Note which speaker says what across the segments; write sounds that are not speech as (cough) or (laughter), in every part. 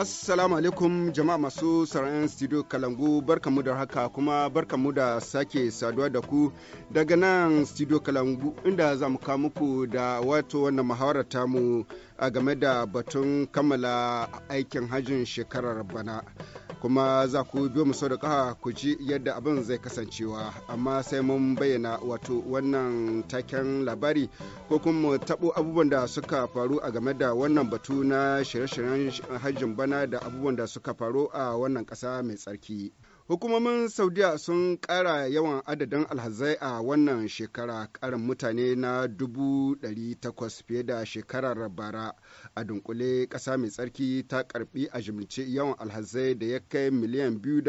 Speaker 1: Assalamu alaikum jama'a masu sauran studio Kalangu mu da haka kuma mu da sake saduwa da ku daga nan studio Kalangu inda za mu kawo muku da wato wannan muhawarar tamu a game da batun kammala aikin hajjin shekarar bana. kuma za ku biyo mu sau da kaha ku ji yadda abin zai kasancewa amma sai mun bayyana wato wannan taken labari ko kuma mu taɓo abubuwan da suka faru a game da wannan batu na shirye-shiryen hajjin bana da abubuwan da suka faru a wannan ƙasa mai tsarki. Hukumomin Saudiya sun kara yawan adadin alhazai a wannan shekara karin mutane na 800 fiye da shekarar bara. A dunkule kasa mai tsarki ta karbi a jimlice yawan alhazai da ya kai miliyan biyu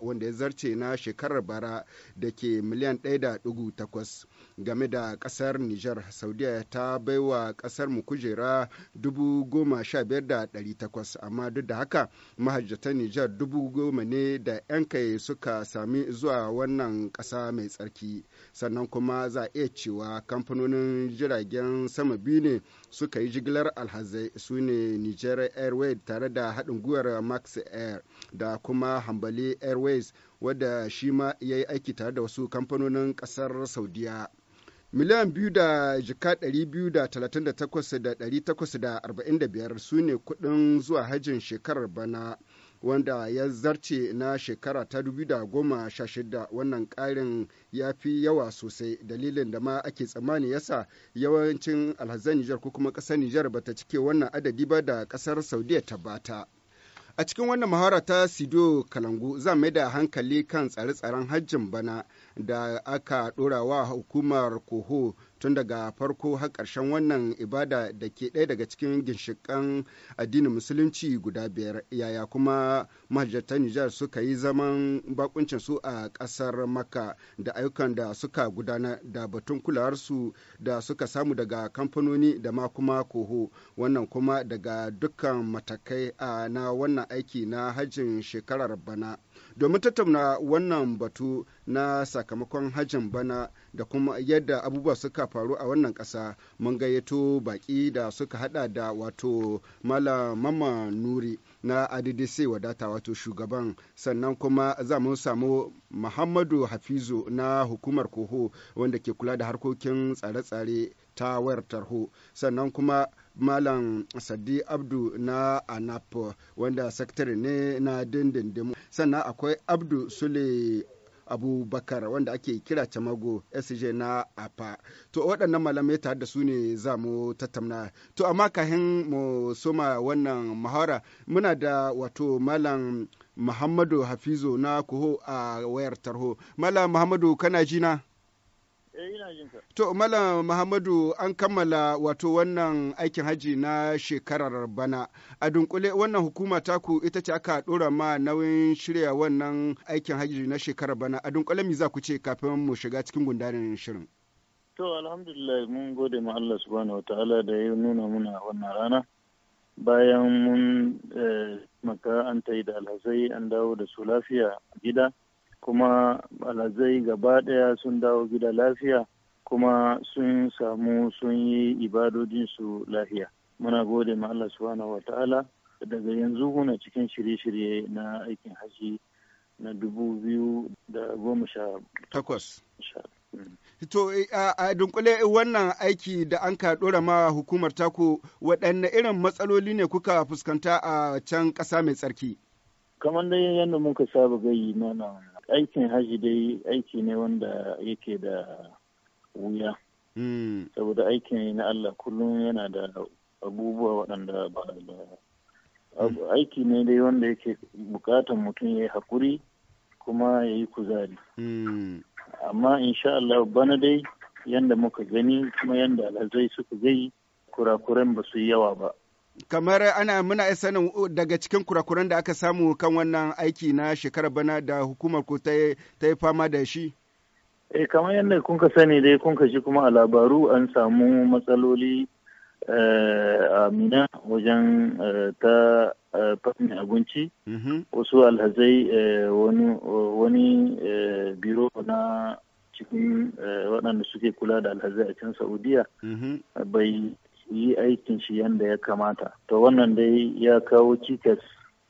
Speaker 1: wanda ya zarce na shekarar bara da ke miliyan 1.8. game da kasar niger saudiya ta baiwa kasar mu kujera dubu goma sha biyar da ɗari takwas amma duk da haka mahajjatan niger dubu goma ne da 'yan kai suka sami zuwa wannan ƙasa mai tsarki sannan kuma za a iya cewa kamfanonin jiragen sama biyu ne suka yi jigilar alhazai su ne niger airways tare da haɗin gwiwar max air da kuma hambali airways wadda shi ma ya yi aiki tare da wasu kamfanonin ƙasar saudiya miliyan biyu da jika ɗari biyu da talatin da takwas da ɗari takwas da arba'in da biyar su ne kuɗin zuwa hajjin shekarar bana wanda ya zarce na shekara ta dubu da goma sha shida wannan ƙarin ya fi yawa sosai dalilin da ma ake tsammani yasa yawancin alhazan nijar ko kuma ƙasar nijar ba ta cike wannan adadi ba da ƙasar saudiya ta bata a cikin wannan mahara ta sido kalangu za mai da hankali kan tsare-tsaren hajjin bana da aka dora wa hukumar koho tun daga farko har ƙarshen wannan ibada da ke ɗaya daga cikin ginshikan addinin musulunci guda biyar yaya kuma mahajjatan Nijar suka yi zaman bakuncin su a ƙasar maka da ayyukan da suka gudana da batun kulawarsu da suka samu daga kamfanoni da ma kuma koho wannan kuma daga dukkan matakai a na wannan aiki na hajjin shekarar bana. domin tattauna wannan batu na sakamakon hajjin bana da kuma yadda abubuwa suka faru a wannan ƙasa mun gayyato baƙi da suka hada da wato mama nuri na addc wadata wato shugaban sannan kuma za mu samu muhammadu hafizu na hukumar koho wanda ke kula da harkokin tsare-tsare ta wayar tarho sannan kuma malam sadi abdu na anap wanda sakatare ne na dindindimu sannan akwai abdu sule abubakar wanda ake kira tamago sj na apa to waɗannan malamai tare da su ne za mu tattauna to amma kahin mu soma wannan mahara muna da wato malam muhammadu hafizo na kuho a wayar tarho malam muhammadu kana jina Eh, to Mala Muhammadu an kammala wato wannan aikin haji na shekarar bana. A dunkule wannan hukuma taku ita ce aka ɗora ma nauyin shirya wannan aikin haji na shekarar bana. A dunkule mi za ku ce kafin mu shiga cikin gundarin shirin?
Speaker 2: To alhamdulillah mun gode ma Allah subhanahu ala da ya nuna muna wannan rana. Bayan mun eh, maka an ta da alhazai an dawo da su lafiya gida. kuma alazai gaba ɗaya sun dawo gida lafiya kuma sun samu sun yi ibadodinsu lafiya muna gode ma Allah subhanahu wa ta'ala daga yanzu kuna cikin shirye-shirye na aikin haji na dubu biyu da goma sha
Speaker 1: takwas To a dunkule wannan aiki da an ka dora ma hukumar taku waɗanne irin matsaloli ne kuka fuskanta a can ƙasa mai tsarki? Kamar dai yadda muka saba gayi mana
Speaker 2: aikin haji dai aiki ne wanda yake da wuya hmm. saboda aikin na Allah kullum yana da abubuwa waɗanda ba da hmm. aiki ne dai wanda yake bukatan mutum ya yi haƙuri kuma ya yi kuzari
Speaker 1: hmm. amma insha Allah bana dai yanda muka gani kuma yanda alhazai suka gai kurakuren ba su yi yawa ba kamar ana muna sanin uh, daga cikin kurakuran da aka samu kan wannan aiki na shekarar bana da hukumar ku ta yi fama da shi?
Speaker 2: Eh kamar yadda kun ka sani dai kun ka shi kuma a labaru an samu matsaloli eh, a mina wajen eh, ta eh, fannin abinci mm-hmm. wasu alhazai wani biro na cikin waɗanda suke kula da alhazai a can saudiya mm-hmm. bai yi aikin shi yadda ya kamata to wannan dai ya kawo cikas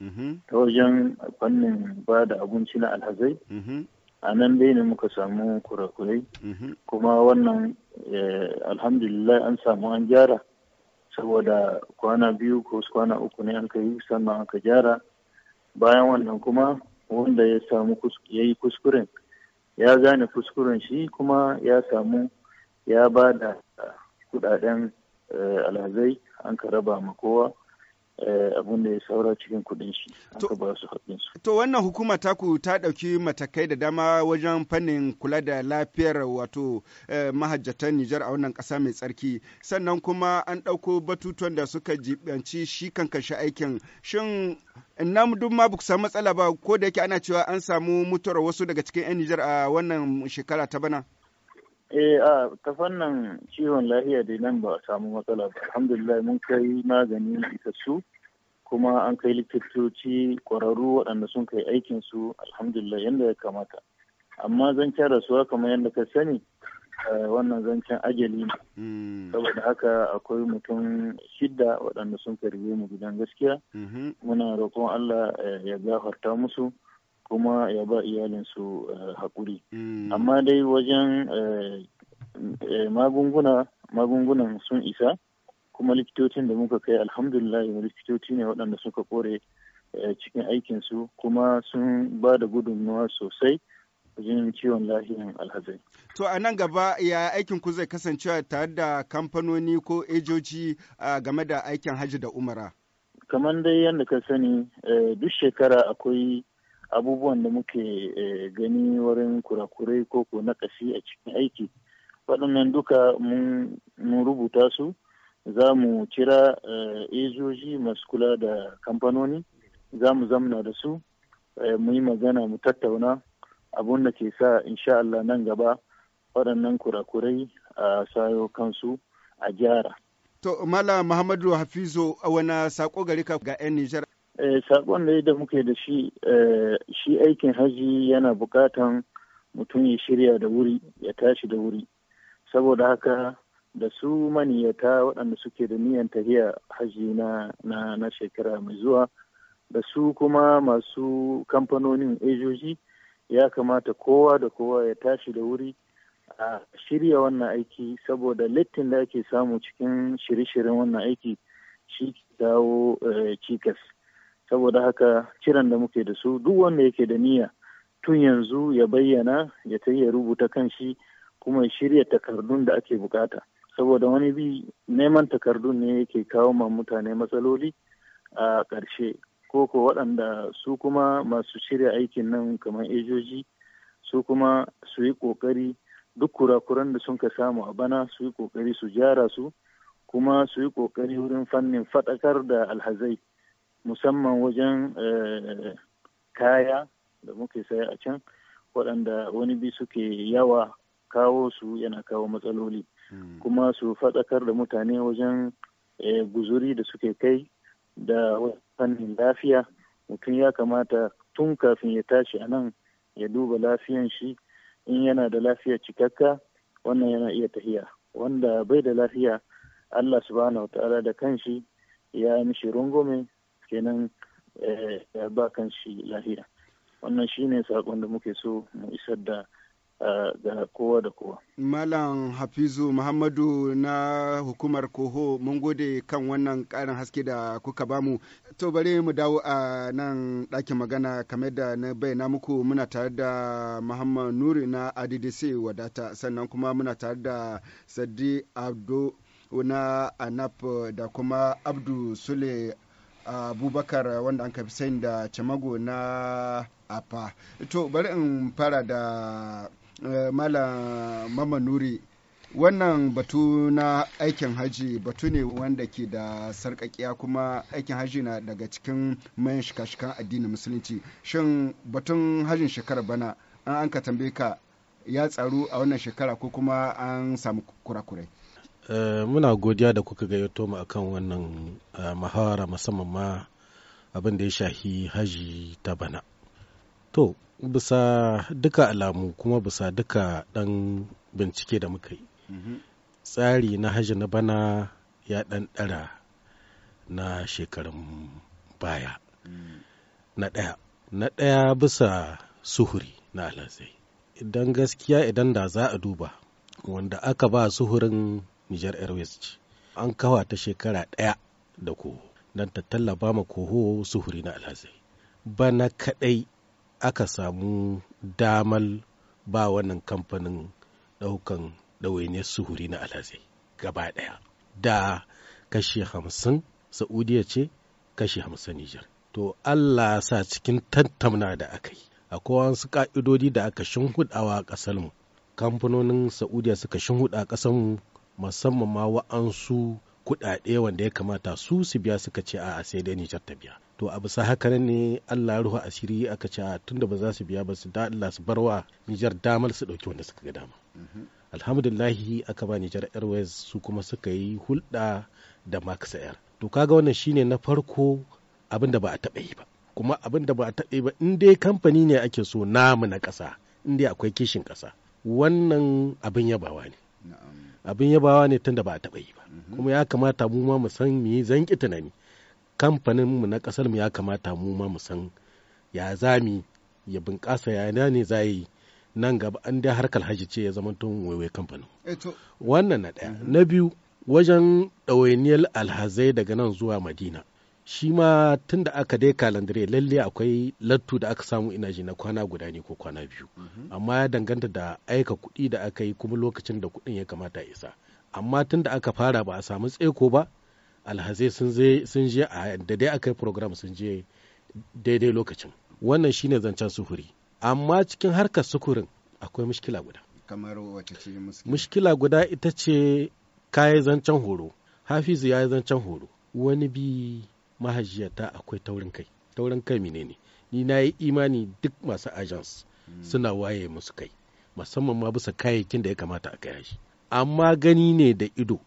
Speaker 2: mm-hmm. ta wajen fannin ba da abinci na alhazai mm-hmm. a nan dai ne muka samu kurakurai mm-hmm. kuma wannan eh, alhamdulillah an samu an gyara saboda kwana biyu ko kwana uku ne an yi sannan aka gyara bayan wannan kuma wanda ya samu ya yi kuskuren ya gane kuskuren shi kuma ya samu ya ba da kudaden Eh, alhazai an ka raba ma kowa eh, abin da ya saura cikin kuɗin
Speaker 1: shi an ka ba su haɗin su. To wannan hukuma taku ta ɗauki matakai da dama wajen fannin kula da lafiyar wato eh, mahajjatan Nijar a wannan ƙasa mai tsarki sannan kuma an ɗauko batutuwan da suka jibanci shi kankan shi aikin shin na duk ma ba samu matsala ba ko da yake ana cewa an samu mutuwar wasu daga cikin 'yan Nijar a wannan shekara ta bana.
Speaker 2: Eh a ta fannin ciwon lafiya dai nan ba a samu matsala ba. Alhamdulillah mun kai magani isassu kuma an kai likitoci ƙwararru waɗanda sun kai aikin su alhamdulillah yadda ya kamata. Amma zancen rasuwa kamar yadda ka sani wannan zancen ajali ne. Hmm. Saboda haka akwai mutum shidda waɗanda sun karbe mu gidan gaskiya. Mm-hmm. Muna roƙon Allah eh, ya gafarta musu. kuma ya ba iyalinsu eh, haƙuri mm. amma dai wajen eh, eh, magunguna magungunan sun isa kuma likitocin da muka kai alhamdulillah likitoci ne waɗanda suka kore cikin aikin su kuma sun ba da gudunmawa sosai wajen ciwon lahiyan alhazai.
Speaker 1: To a nan gaba ya aikin ku zai kasancewa tare da kamfanoni ko ejoji game da aikin hajji da umara? Kamar dai yadda ka sani duk shekara akwai abubuwan da muke eh, gani wurin
Speaker 2: kurakurai ko ko nakashi a cikin aiki waɗannan duka mun rubuta su za mu cira ejoji eh, masu kula da kamfanoni za mu zamna da su eh, mu yi magana mu tattauna abun da ke sa
Speaker 1: insha Allah nan gaba waɗannan kurakurai a sayo kansu a gyara. To Mala Muhammadu Hafizu a wani sako gari ka ga 'yan Nijar Eh, sakon ne da muke da shi eh, shi aikin haji yana bukatan mutum
Speaker 2: ya shirya da wuri ya tashi da wuri saboda haka da su maniyata waɗanda suke da niyan tafiya haji na, shekara mai zuwa da su kuma masu kamfanonin ejoji ya kamata kowa da kowa ya tashi da wuri a shirya wannan aiki saboda littin da ake samu cikin shirye-shiryen wannan aiki shi dawo eh, cikas saboda haka kiran da muke da su duk wanda yake da niyya tun yanzu ya bayyana ya ta ya rubuta kan shi kuma ya shirya takardun da ake bukata saboda wani bi neman takardun ne yake kawo ma mutane matsaloli a ƙarshe ko ko waɗanda su kuma masu shirya aikin nan kamar ejoji su kuma su yi ƙoƙari duk kurakuran da sun ka samu a bana su yi ƙoƙari su gyara su kuma su yi ƙoƙari wurin fannin faɗakar da alhazai musamman wajen eh, kaya da muke saya a can waɗanda wani bi suke yawa kawo su yana kawo matsaloli hmm. kuma su faɗakar da mutane wajen eh, guzuri da suke kai da fannin lafiya mutum ya kamata tun kafin ya tashi a nan ya duba lafiyan shi in yana da lafiya cikakka wannan yana iya tahiya wanda bai da lafiya allah subhanahu wa ta'ala da kanshi ya mishi rungume kenan ya eh, ba kan shi lahiya wannan shine sakon da muke so mu isar da eh, ga kowa da kowa.
Speaker 1: Malam Hafizu Muhammadu na hukumar Koho mun gode kan wannan karin haske da kuka bamu. To bari mu dawo a nan ɗakin magana kamar da na bayyana muku muna tare da Muhammad Nuri na ADDC wadata sannan kuma muna tare da Sadi abdu na anap da kuma abdu sule abubakar wanda an kafi sani da chamago na apa to bari in fara da eh, malam mama nuri wannan batu na aikin haji batu ne wanda ke da sarkakiya kuma aikin haji na daga cikin mayan shika-shikan addinin musulunci shin batun hajin shekara bana an an ka tambaye ka ya tsaru a wannan shekara ko kuma an samu kurakurai
Speaker 3: Eh, muna godiya da kuka gayyato mu akan wannan eh, muhawara musamman ma abin da ya shahi haji ta bana to bisa duka alamu kuma bisa duka dan bincike da muka yi mm-hmm. tsari na haji na bana ya dan dara na shekarun baya mm. na ɗaya na ɗaya bisa suhuri na alhazai idan gaskiya idan da za a duba wanda aka ba suhurin Niger Airways ce. An kawa ta shekara ɗaya da koho don ta tallaba ma koho suhuri na alhazai. Bana kaɗai aka samu damal ba wannan kamfanin ɗaukan ɗawainiyar suhuri na alhazai gaba ɗaya. Da kashi hamsin Saudiya ce kashe hamsin Nijar. To Allah sa cikin tantamna da aka yi. Akwai wasu ƙa'idodi da aka hudawa a mu. Kamfanonin Saudiya suka hudu a ƙasar mu. musamman ma wa'ansu kuɗaɗe wanda ya kamata su su biya suka ce a sai dai Nijar ta biya. To a bisa haka ne Allah ruhu asiri aka ce a da ba za su biya ba su da Allah su barwa Nijar damar su dauki wanda suka ga dama. Mhm. Alhamdulillahi aka ba Nijar Airways su kuma suka yi hulɗa da Max Air. To kaga wannan shine na farko abin da ba a taɓa yi ba. Kuma abin da ba a taɓa yi ba in dai kamfani ne ake so namu na ƙasa in dai akwai kishin ƙasa. Wannan abin yabawa ne. abin yabawa ne tun da ba a taɓa yi ba mhm. kuma ya kamata mu ma mu san mu yi zanki tunani kamfanin mu na ƙasar mu ya kamata mu ma mu san ya zami ya bunƙasa ya na ne za yi nan gaba an dai harkar hajji ce ya zama tun waiwai kamfanin eh, wannan na ɗaya mhm. na biyu wajen ɗawainiyar alhazai daga nan zuwa madina shi ma tun da aka dai kalandare lalle akwai lattu da aka samu ina ji na kwana guda ne ko kwana biyu mhm. amma ya danganta da aika kuɗi da aka yi kuma lokacin da kuɗin ya kamata ya isa amma tun da aka fara ba a samu tseko ba alhazai sun je a da dai aka yi program sun je daidai lokacin wannan shine zancen sufuri amma cikin harkar sukurin akwai mushkila guda kamar wace ce mushkila guda ita ce kayan zancen horo hafizu ya yi zancen horo wani bi mahajiyata akwai taurin kai taurin kai menene ni na yi imani duk masu agents suna waye musu kai musamman ma bisa kayayyakin da ya kamata a kai shi amma gani ne da ido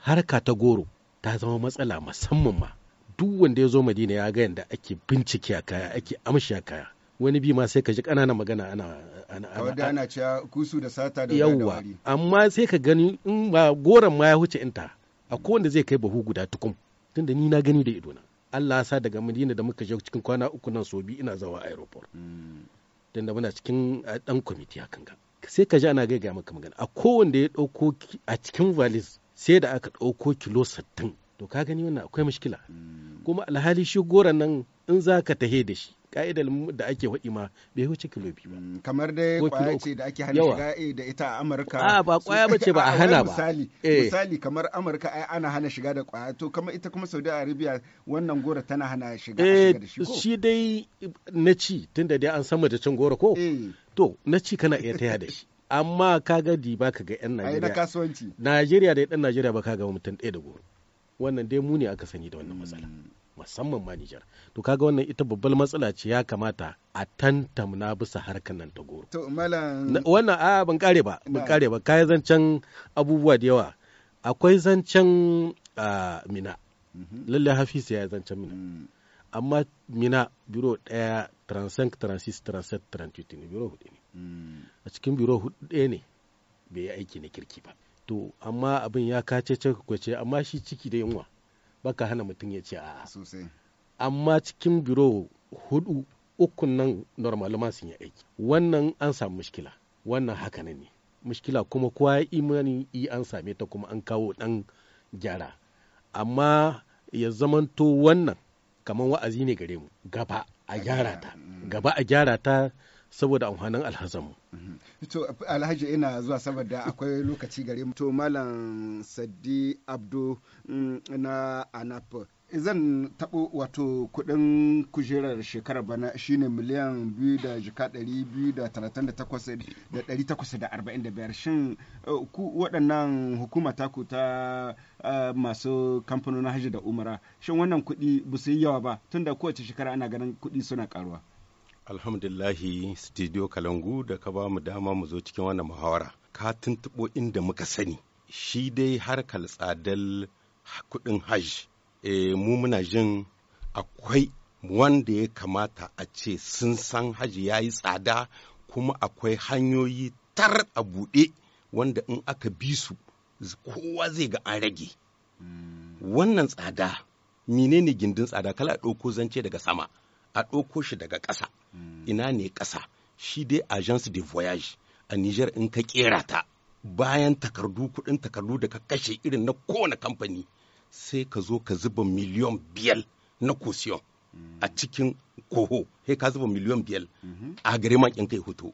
Speaker 3: harka ta goro ta zama matsala musamman ma duk wanda ya zo madina ya ga yadda ake bincike a kaya ake amshi a kaya wani bi ma sai ka ji ƙananan magana ana
Speaker 1: ana ana cewa kusu da sata da yawwa
Speaker 3: amma sai ka gani in ba goron ma ya huce inta a wanda zai kai bahu guda tukum tunda ni na gani da idona Allah ya sa daga Madina da muka je cikin kwana uku nan so bi ina zawa airport tunda muna cikin dan committee hakan ga sai ka ji ana ga maka magana a kowanne ya dauko a cikin valis sai da aka dauko kilo 60 to ka gani wannan akwai mushkila hmm. kuma alhali shi goran nan in za ka tahe da shi ka'idar da ake haɗi ma bai wuce kilo biyu ba mm, kamar dai kwaya ce
Speaker 1: da ake hana shiga eh, da ita a amurka a ba kwaya ba ce ba a hana ba misali eh. misali kamar amurka ai ana hana shiga da kwaya to kama ita kuma saudi arabia wannan gora tana hana eh, shiga da shi ko shi
Speaker 3: dai na ci tunda dai an sama da cin gora ko to na ci kana iya taya da shi (laughs) amma ka ga di ba ka ga yan Najeriya na kasuwanci Najeriya da dan Najeriya ba ka ga mutum ɗaya da goro wannan dai mu ne aka sani da wannan matsala mm. musamman ma Nijar. To kaga wannan ita babbar matsala ce ya kamata a tantamna bisa harkan nan ta
Speaker 1: goro. To malam
Speaker 3: wannan a ban kare ba, ban kare ba, kai zancen abubuwa da yawa. Akwai zancen mina. Mhm. Lalle hafiz ya zancen mina. Mm. Amma mina biro ɗaya transcend transist transcend 38 ne biro hudu ne. Mm. A cikin biro hudu ɗaya ne bai yi aiki na kirki ba. To amma abin ya kace ce kwace amma shi ciki da yunwa. baka hana mutum ya ce a'a amma cikin biro hudu ukun nan normal sun yi aiki wannan an samu mushkila wannan haka ne mushkila kuma kowa ya imani i an same ta kuma an kawo dan gyara amma ya zamanto wannan kamar wa'azi ne gare mu gaba a gyara ta mm. gaba a gyara ta saboda amfanin alhazan
Speaker 1: mm-hmm. to alhaji ina zuwa saboda akwai lokaci gare mu to malam saddi abdu mm, na anap zan taɓo wato kuɗin kujerar shekarar bana shine miliyan biyu da jika ɗari biyu da talatin da takwas da ɗari takwas da arba'in da biyar shin uh, ku waɗannan hukuma ta ku uh, ta masu kamfanonin hajji da umara shin wannan kuɗi ba su yi yawa ba tunda kowace shekara ana ganin kuɗi suna ƙaruwa
Speaker 4: alhamdulahi studio kalangu da ka ba mu dama mu zo cikin wannan muhawara ka tuntuɓo inda muka sani shi dai harkar tsadar kuɗin hajj e, mu muna jin akwai wanda ya kamata a ce sun san hajji ya yi tsada kuma akwai hanyoyi tar a buɗe wanda in aka bi su kowa zai ga an rage hmm. wannan tsada menene gindin tsada kala ɗauko zance daga sama a ɗauko shi daga ƙasa mm. ina ne ƙasa shi dai agence de voyage a niger in ka ƙera ta bayan takardu kuɗin takardu da ka kashe irin na kowane kamfani sai ka zo ka zuba miliyan biyar na kusiyon a mm. cikin koho sai ka zuba miliyan biyar
Speaker 1: mm-hmm.
Speaker 3: a
Speaker 4: gare ma kai hoto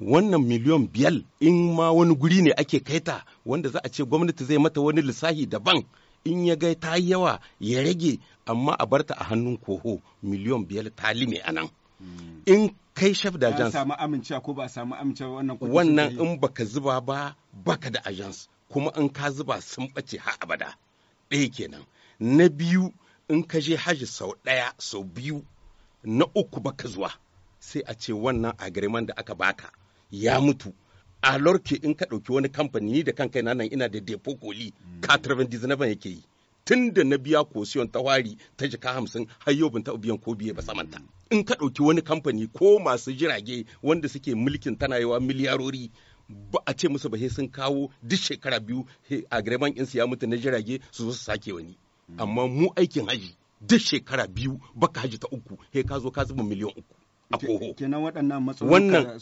Speaker 4: wannan miliyan biyar in ma wani guri ne ake kaita wanda za a ce gwamnati zai mata wani lissahi daban in ya ga ta yi yawa ya rage amma a barta a hannun koho miliyan biyar ta lime a nan hmm. in kai chef da agence samu
Speaker 1: amincewa ko ba samu amincewa wannan
Speaker 3: wannan
Speaker 4: in baka zuba ba baka da ajans kuma in ka zuba sun bace har abada ɗaya kenan na biyu in ka je haji sau ɗaya sau biyu na uku baka zuwa sai a ce wannan agreement da aka baka ya mutu a lorke in ka ɗauki wani kamfani ni da kan kai nan ina da depo koli mm. katarban dizinaba yake yi tun da na biya kosiyon ta wari ta jika hamsin har yau ban taɓa biyan ko biye ba samanta mm. in ka ɗauki wani kamfani ko masu jirage wanda suke mulkin tana yawa miliyarori ba a ce musu ba he sun kawo duk shekara biyu agreement ɗinsu ya mutu na jirage su zo su sake wani mm. amma mu aikin haji duk shekara biyu baka haji ta uku he ka zo ka zuba miliyan uku
Speaker 1: a koho kenan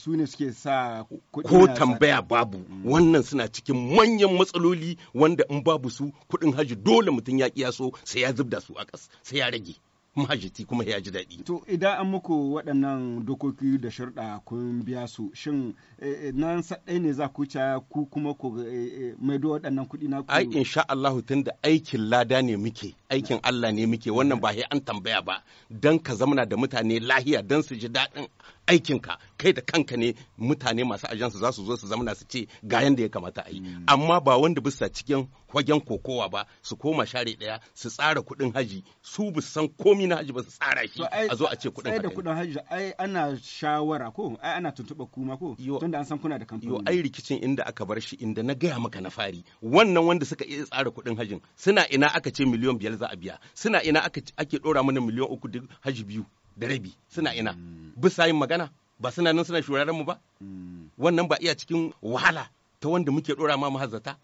Speaker 1: ne suke sa
Speaker 4: ko tambaya babu mm. wannan suna cikin manyan matsaloli wanda in babu su kuɗin haji dole mutum ya kiyaso sai ya zubda su a ƙas sai ya rage mahajjati kuma ya ji daɗi.
Speaker 1: To idan an muku waɗannan dokoki da shirɗa kun biya su shin eh, eh, nan saɗai ne za ku ci ku kuma ku eh, maido waɗannan kuɗi na ku. Ai insha
Speaker 4: Allah da aikin lada ne muke aikin Allah ne muke wannan ba sai an tambaya ba dan ka zamana da mutane lahiya dan su ji daɗin aikinka kai da kanka ne mutane masu ajansu za su zo su zamana su ce ga yanda ya kamata a yi mm. amma ba wanda bisa cikin wajen kokowa ba su koma share daya su tsara kuɗin haji su bu san komi na haji ba su tsara shi a zo a ce kuɗin haji da kuɗin
Speaker 1: haji ai ana shawara ko ai ana tuntuba kuma ko tunda an san kuna
Speaker 4: da kamfani yo ai rikicin inda aka bar shi inda na gaya maka na fari wannan wanda suka iya tsara kuɗin hajin suna ina aka ce miliyon biyar za a biya suna ina ake ɗora mana miliyon uku duk haji biyu da rabi suna ina mm. bisa yin magana ba suna nan suna shuraren mu ba mm. wannan ba iya cikin wahala ta wanda muke dora ma mahazzata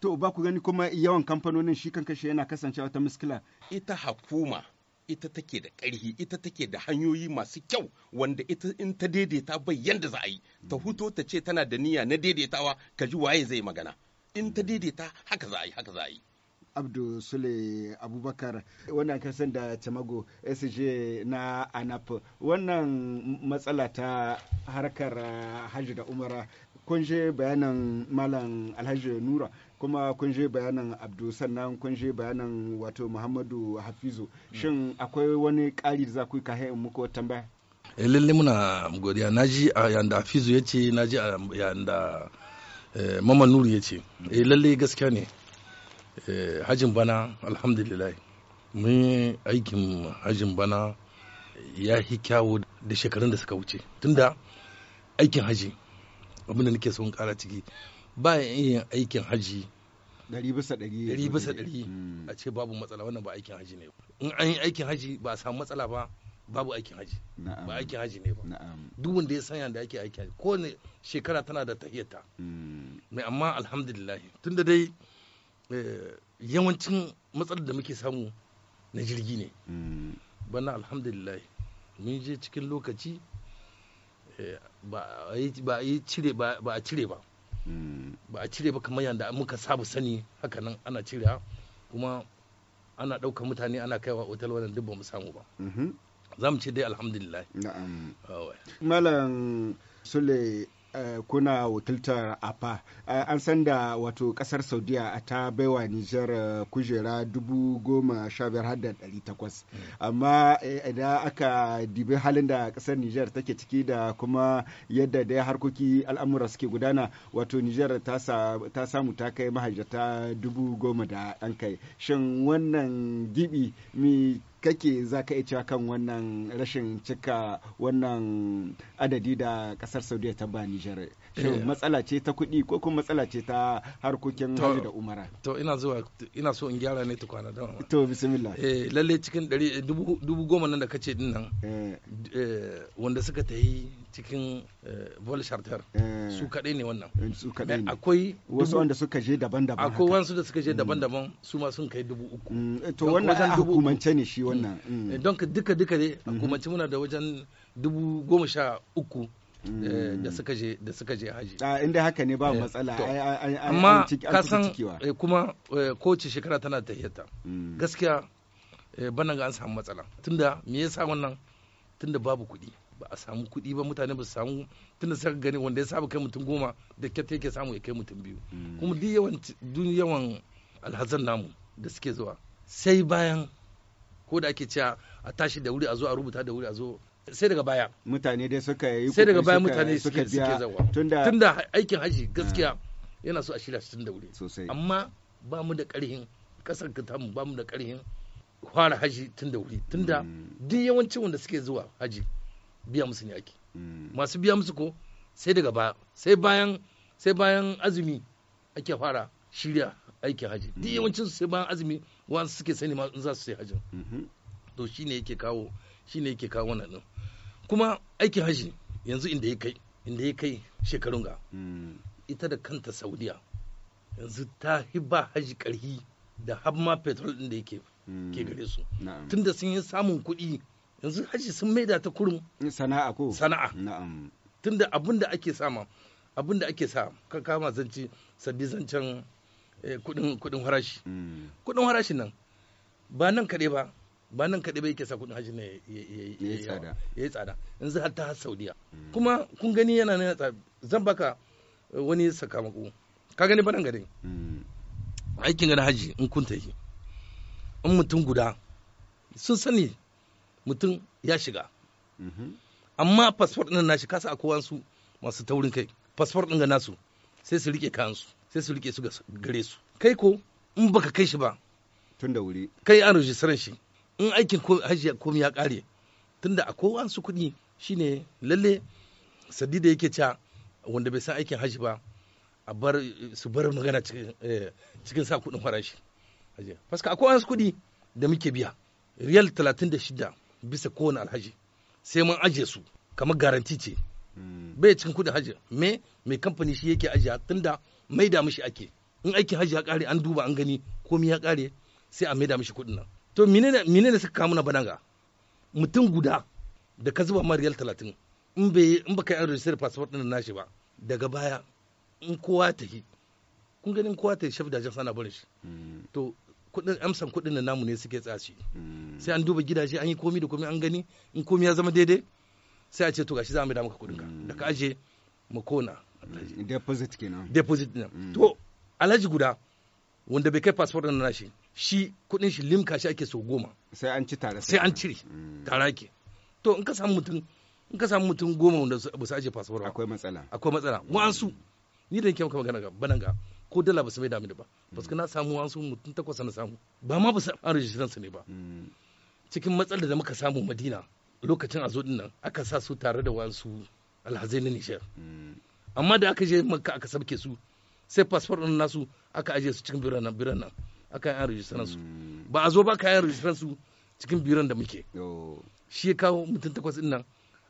Speaker 4: to ba ku gani kuma yawan kamfanonin shi kan kashe yana kasancewa ta muskila ita hakuma ita take da ƙarhi ita take da hanyoyi masu kyau wanda ita in ta daidaita bai yanda za a yi ta mm. huto ta ce tana da niyya na daidaitawa kaji waye zai magana in ta daidaita haka za a yi haka za a yi
Speaker 1: abdu sule abubakar wannan kasan da tamago sj na anap wannan matsala ta harkar uh, hajji da umara kun je bayanan malam alhaji nura kuma kun je bayanan abdu sannan kun je bayanan wato muhammadu hafizu shin akwai wani ƙari da za ku yi kahe in muku tambaya
Speaker 5: eh, lalle muna godiya na ji a uh, yanda hafizu ya ce na ji a um, yanda eh, maman nuru ya ce eh, lalle gaskiya ne Eh, hajin bana alhamdulillah mun yi aikin hajin bana ya yi kyawu da shekarun da suka wuce tunda aikin haji abinda nake son kara ciki ba yin aikin haji ɗari bisa dari bisa dari hmm. a ce babu matsala wannan ba aikin haji ne in an yi aikin haji ba a samu matsala ba babu aikin haji ba aikin haji ne ba duk wanda ya sanya da ake aikin haji ne shekara tana da tahiyata hmm. mai amma alhamdulillah tunda dai Eh, yawancin matsalar da muke samu na jirgi ne mm. bana alhamdulillah mun je cikin lokaci eh, ba a cire ba ba a cire ba mm. kamar yadda muka sabu sani hakanan ana cire kuma ana ɗaukar mutane ana kaiwa otal wannan duk ba mu samu ba mm-hmm. za mu ce dai alhamdulillah na'am
Speaker 1: malam sule Eh, kuna wakiltar apa eh, an san da wato kasar saudiya ta baiwa nijar eh, kujera dubu goma sha biyar har da ɗari takwas mm. amma idan aka dibi halin da kasar nijar take ciki da kuma yadda dai harkoki al'amura suke gudana wato nijar ta samu ta kai mahajjata dubu goma da an kai shin wannan gibi mi kake za ka iya cewa kan wannan rashin cika wannan adadi da kasar saudiya ta ba nijar shi eh.
Speaker 5: matsala ce ta kuɗi ko kuma matsala ce ta harkokin hajji da umara to ina zuwa ina so in gyara ne tukwana don to bismillah eh lalle cikin dubu goma nan da kace din nan eh. eh, wanda suka ta yi cikin vol eh, charter eh. su kaɗai ne wannan eh, akwai wasu wanda suka je daban-daban akwai wasu da suka je mm. daban-daban su ma sun kai dubu uku
Speaker 1: mm, to wannan a hukumance ne shi mm. wannan
Speaker 5: don duka-duka ne a mm-hmm. hukumance muna da wajen dubu goma sha uku da suka je da suka je haji
Speaker 1: a ah, inda haka ne ba matsala
Speaker 5: amma ka san kuma kowace shekara tana tahiyata gaskiya bana ga an samu matsala tunda me yasa wannan tunda babu kuɗi ba a samu kuɗi ba mutane ba su samu tunda sai ka gani wanda ya saba kai mutum goma da kyata yake samu ya kai mutum biyu hmm. kuma duk yawan duk yawan alhazan namu da suke zuwa sai bayan ko da ake cewa a tashi da wuri a zo a rubuta da wuri a zo sai daga baya mutane dai suka yi sai daga baya mutane suke zawa tunda aikin haji gaskiya ah. yana so a shirya su tun da wuri amma ba mu da ƙarhin ƙasar ka mu ba mu da ƙarhin fara haji tun da wuri tunda hmm. duk yawancin wanda suke zuwa haji biya musu ne ake mm. masu biya musu ko sai daga baya sai bayan sai bayan azumi ake fara shirya aikin haji duk mm. yawancin su sai bayan azumi wa suke sani ma in za su sai hajin mm-hmm. to shine yake kawo shine yake kawo wannan din kuma aikin haji yanzu inda ya kai inda ya kai shekarun ga mm. ita da kanta saudiya yanzu ta ba haji karhi da har ma petrol din da yake ke gare su tunda sun yi samun kuɗi yanzu Haji sun maida ta kurum sana'a ko sana'a na'am tunda abin da ake sama abin da ake sa ka kama zanci sabbi zancen eh, kudin kudin harashi mm. kudin harashin nan ba nan kade ba ba nan kade ba yake sa kudin haji ne ya ya tsada yanzu har ta har saudiya mm. kuma kun gani yana ne zan baka eh, wani sakamako ka gani ba nan gari mm. aikin gani Haji in kun tafi in mutum guda sun sani mutum ya shiga mm-hmm. amma fasfor ɗin nashi kasa a wasu masu taurin kai fasfor ɗin ga nasu sai su rike kansu sai su rike su gare su kai ko in baka kai shi ba tun da wuri kai an rajistaran shi in aikin hajji komai ya ƙare tun da a wasu kuɗi shine lalle sadi da yake ca wanda bai san aikin hajji ba a bar su bar magana cikin eh, sa kuɗin farashi faska a kowansu kuɗi da muke biya riyal talatin da shida bisa kowane alhaji sai mun ajiye su kamar garanti ce hmm. bai cikin kudin hajji me mai kamfani shi yake ajiya tunda mai da mishi ake in aiki hajji ya kare an duba an gani komi ya kare sai a mai da mishi kudin nan to mine ne suka kamu na bananga mutum guda da ka zuba mariyal talatin in ba in kai an rajistar passport din nashi ba daga baya in kowa ta yi kun ganin kowa ta yi shafi da sana barin shi hmm. to kudin amsan kudin da namu ne suke tsaci hmm. sai an duba gidaje an yi komi da komi an gani in komi ya zama daidai sai a ce to gashi za mu da maka kudin ka hmm. da ka aje mu kona hmm. deposit kenan deposit na to alhaji guda wanda bai kai passport na nashi shi kudin shi limka shi ake so goma sai an ci tare sai an cire tare ake to in ka samu mutum in ka samu mutum goma wanda ba su aje passport akwai matsala akwai matsala wa'ansu ni da nake maka magana ga banan ga ko dala ba su mai damini ba paske mm. na samu an su mutum takwas na samu ba ma ba su an rijistar su ne ba mm. cikin matsalar da muka samu madina lokacin a zo nan aka sa su tare da wasu alhazai na nishiyar mm. amma da aka je maka aka sabke su sai fasfor ɗin nasu aka ajiye su cikin biranen biranen aka yi an rijistar su ba a zo ba ka yi rijistar su cikin biran da muke shi ya kawo mutum takwas din nan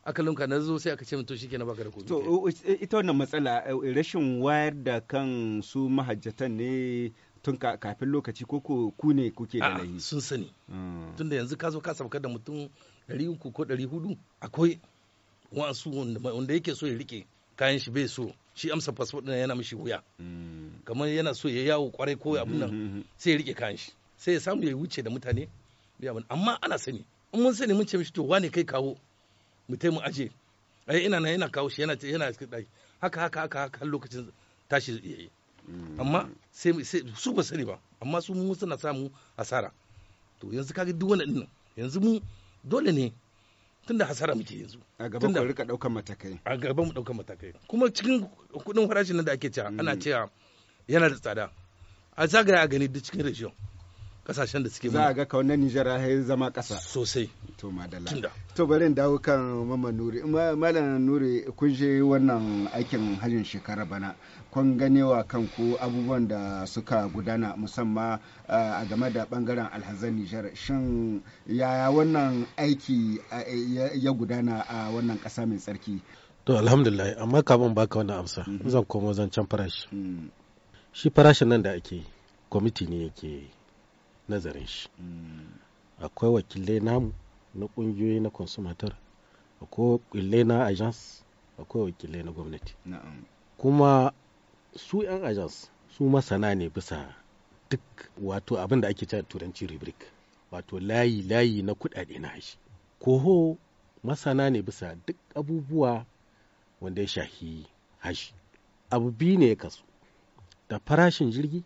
Speaker 5: aka lunka na zo sai aka ce to shikenan baka da kuɗi. to uh, ita wannan matsala uh,
Speaker 1: rashin wayar da kan su mahajjatan ne tun kafin lokaci ko ku
Speaker 5: ne kuke da nahi. sun sani hmm. tunda yanzu ka zo ka sabka da mutum ɗari uku ko ɗari hudu akwai wasu wanda yake so ya rike kayan shi bai so shi amsa fasfot na yana mishi wuya hmm. kamar yana so ya yawo kwarai ko abin nan hmm, sai ya rike kayan shi sai ya samu ya wuce da mutane amma ana sani in mun sani mun ce mishi to wane kai kawo mu tai mu aje ai ina na yana kawo shi yana yana cikin daki haka haka haka haka lokacin tashi yayi mm. amma sai su ba sani ba amma su mu suna samu asara to yanzu kaga duk wannan dinnan yanzu mu dole ne tunda hasara muke yanzu a gaban ku rika daukar matakai a gaban mu daukar matakai kuma cikin kudin farashin nan da ake cewa ana mm. cewa yana da tsada a zagaya a gani duk cikin region kasashen da suke za a ga kawai Nijar ya zama kasa sosai to madala to bari
Speaker 1: in dawo kan mama nuri malam nuri kun je wannan aikin hajjin shekara bana kun ganewa kan ku abubuwan da suka gudana musamman eh, a game da bangaren alhazan Nijar shin yaya wannan aiki eh, ya gudana a wannan kasa mai tsarki
Speaker 3: to alhamdulillah amma kafin baka wannan amsa mhm. zan komo zan can farashi mm. shi farashin nan da ake kwamiti ne yake yi nazarin shi akwai wakilai namu na kungiyoyi na consumator akwai wakilai na agents akwai wakilai na gwamnati kuma su 'yan agents su masana ne bisa duk wato abin da ake cewa turanci rubric wato layi layi na kudade na shi koho masana ne bisa duk abubuwa wanda ya shahi hashi abu biyu ne ya kasu da farashin jirgi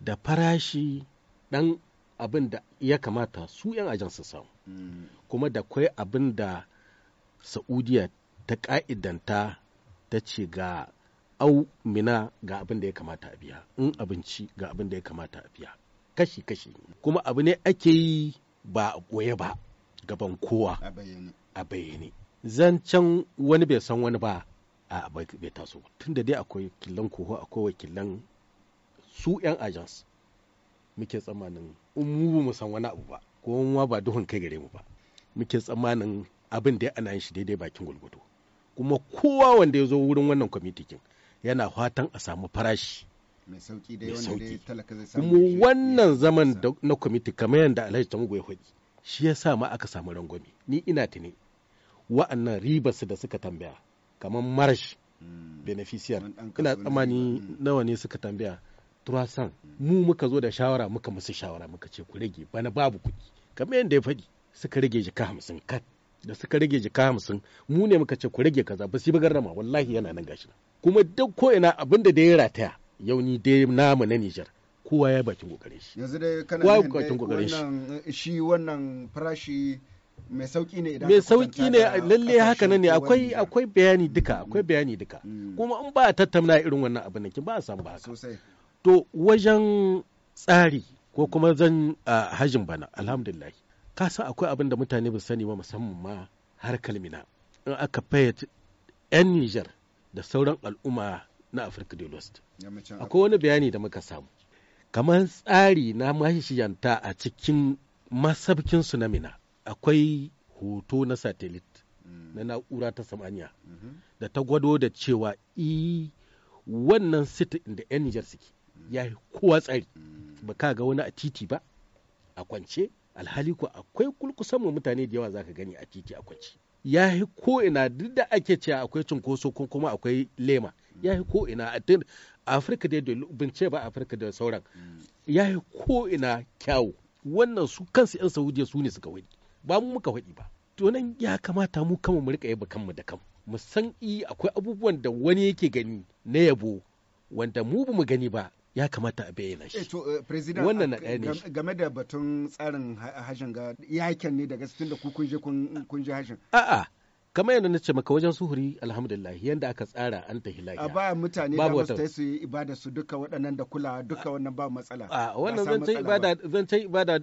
Speaker 3: da farashi dan abin da ya kamata su 'yan ajin su samu kuma da kwai abin da saudiya ta ka'idanta ta ce ga au mina ga abin da ya kamata a biya in abinci ga abin da ya kamata a biya kashi-kashi kuma abu ne ake yi ba a goye ba gaban kowa a bayyane zancen wani bai san wani ba a bai taso tun da dai akwai killan koho akwai wakilan su 'yan agents muke tsammanin mu ba mu san wani abu ba ko ma ba duhun kai gare mu ba muke tsammanin abin da ana yin shi daidai bakin gulgudu kuma kowa wanda ya zo wurin wannan kwamitikin yana fatan a samu farashi
Speaker 1: mai sauki kuma
Speaker 3: wannan zaman na kwamiti kamar yadda alhaji ta mugu ya faɗi shi ya sa ma aka samu rangwame ni ina tuni wa'annan ribarsu da suka tambaya kamar marash hmm. beneficiar ina tsammani hmm. nawa ne suka tambaya san mu muka zo da shawara muka musu shawara muka ce ku rage bana babu kuɗi kamar yadda ya faɗi suka rage jika hamsin kat da suka rage jika hamsin mu ne muka ce ku rage kaza ba su yi ma wallahi yana nan gashi kuma duk ko ina abin da ya rataya yau ni dai namu na Nijar kowa ya bakin kokarin
Speaker 1: shi yanzu dai kana wannan eh, shi wannan farashi mai sauki ne idan mai sauki
Speaker 3: ne lalle haka nan ne akwai akwai bayani duka akwai mm. bayani duka mm. kuma in ba a tattauna irin wannan abin nan ba a samu ba sosai to wajen tsari ko kuma zan hajin bana alhamdulillah ka san akwai abin da mutane ba sani ba musamman ma har kalmina in aka fayyace 'yan Nijar da sauran al'umma na Afirka da Lost. Akwai wani bayani da muka samu. Kamar tsari na mashishiyanta a cikin masabkin su na mina akwai hoto na satelit mm. na na'ura ta samaniya mm-hmm. da ta gwado da cewa i wannan city. da 'yan Nijar suke ya yi kowa tsari ba ka ga wani a titi ba a kwance alhali ko akwai kulkusan mutane da yawa za ka gani a titi a kwance ya yi ko ina duk da ake cewa akwai cunkoso ko kuma akwai lema ya yi ko ina a afirka da bince ba afirka da sauran ya yi ko ina kyawu wannan su kansu 'yan saudiya su ne suka wani ba mu muka waɗi ba to ya kamata mu kama mu rika yaba kanmu da kanmu mu san i eh, akwai abubuwan da wani yake gani na yabo wanda mu bamu gani ba ya kamata a bayyana shi.
Speaker 1: Eto, eh, eh, president wannan na ɗaya ne game da batun tsarin hajjin ga yakin ne daga cikin da ku kun je kun je hajjin.
Speaker 3: A'a kamar yadda na ce maka wajen suhuri alhamdulillah yadda aka tsara an ta hilaya. A ba
Speaker 1: mutane da wasu su yi ibada su duka waɗannan da kula duka wannan ba matsala. A wannan ta ibada zancen
Speaker 3: ibada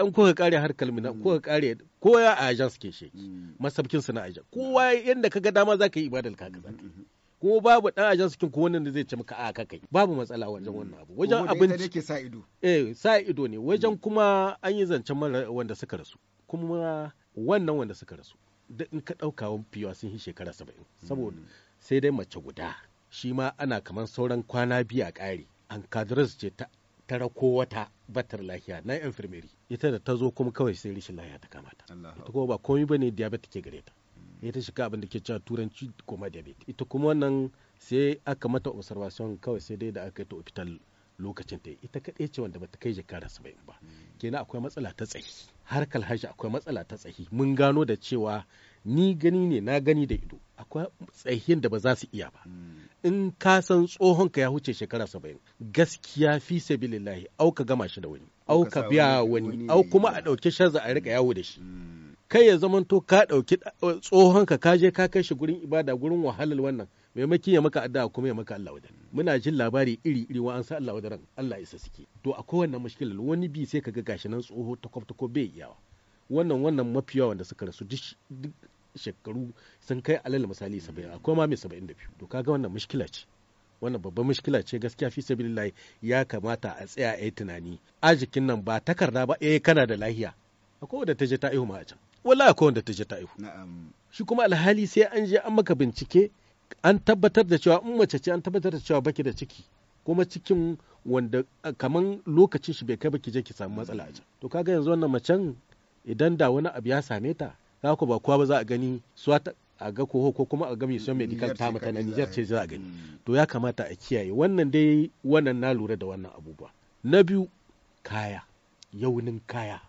Speaker 3: an kuka kare har kalmina hmm. kuka kare kowa a ajan suke shi hmm. masabkin su na ajan kowa yadda ga dama za ka yi ibadar ka kaza. ko babu dan ajan sukin ko wannan da zai ce maka a babu matsala wajen wannan abu wajen abinci ne ke sa ido eh sa ido ne wajen mm. kuma an yi zancen mara wanda suka rasu kuma wannan wanda suka rasu da in ka ɗauka wani fiwa sun yi shekara saba'in saboda mm. sai dai mace guda shi ma ana kamar sauran kwana biya kare an kadras ce ta tara ko wata batar lafiya na infirmeri ita da ta zo kuma kawai sai rishin lahiya ta kamata ita kuma ba komai bane diabetes ke gare ya ta shiga abin da ke cewa turanci da diabetes ita kuma wannan sai aka mata observation kawai sai dai da aka yi ta hospital lokacin ta ita kaɗai ce wanda bata kai jikara saba'in ba kenan akwai matsala ta tsayi har kalhashi akwai matsala ta tsahi mun gano da cewa ni gani ne na gani da ido akwai tsayin da ba za su iya ba in ka san tsohon ka ya huce shekara saba'in gaskiya fi sabilillahi au ka gama shi da wani au ka biya wani au kuma a ɗauki sharza a rika yawo da shi hmm. kai ya zamanto ka ɗauki uh, tsohon ka ka je ka kai shi gurin ibada gurin wahalar wannan maimakon ya maka addu'a kuma ya maka Allah wadan muna jin labari iri iri wa an sa Allah wadan Allah isa suke to a kowanne mushkilar wani bi sai kaga gashi nan tsoho kwafta ko bai iyawa wannan wannan mafiya wanda suka rasu duk shekaru sun kai alal misali 70 akwai ma mai 72 to kaga wannan mushkila ce wannan babban mushkila ce gaskiya fi sabilillahi ya kamata a tsaya a yi tunani ajikin nan ba takarda ba eh kana da lahiya akwai wadda ta je ta ihu ma a can wallahi akwai wanda ta je ta aihu shi kuma alhali sai an je an maka bincike an tabbatar da cewa in mace ce an tabbatar da cewa baki da ciki kuma cikin wanda kaman lokacin shi bai kai baki je ki samu matsala a to kaga yanzu wannan macen idan da wani abu ya same ta za ku ba kowa ba za a gani su a ga koho ko kuma a ga mai medical ta mata na Nijar ce za a gani mm. to ya kamata a kiyaye wannan dai wannan na lura da wannan abubuwa na biyu kaya yaunin kaya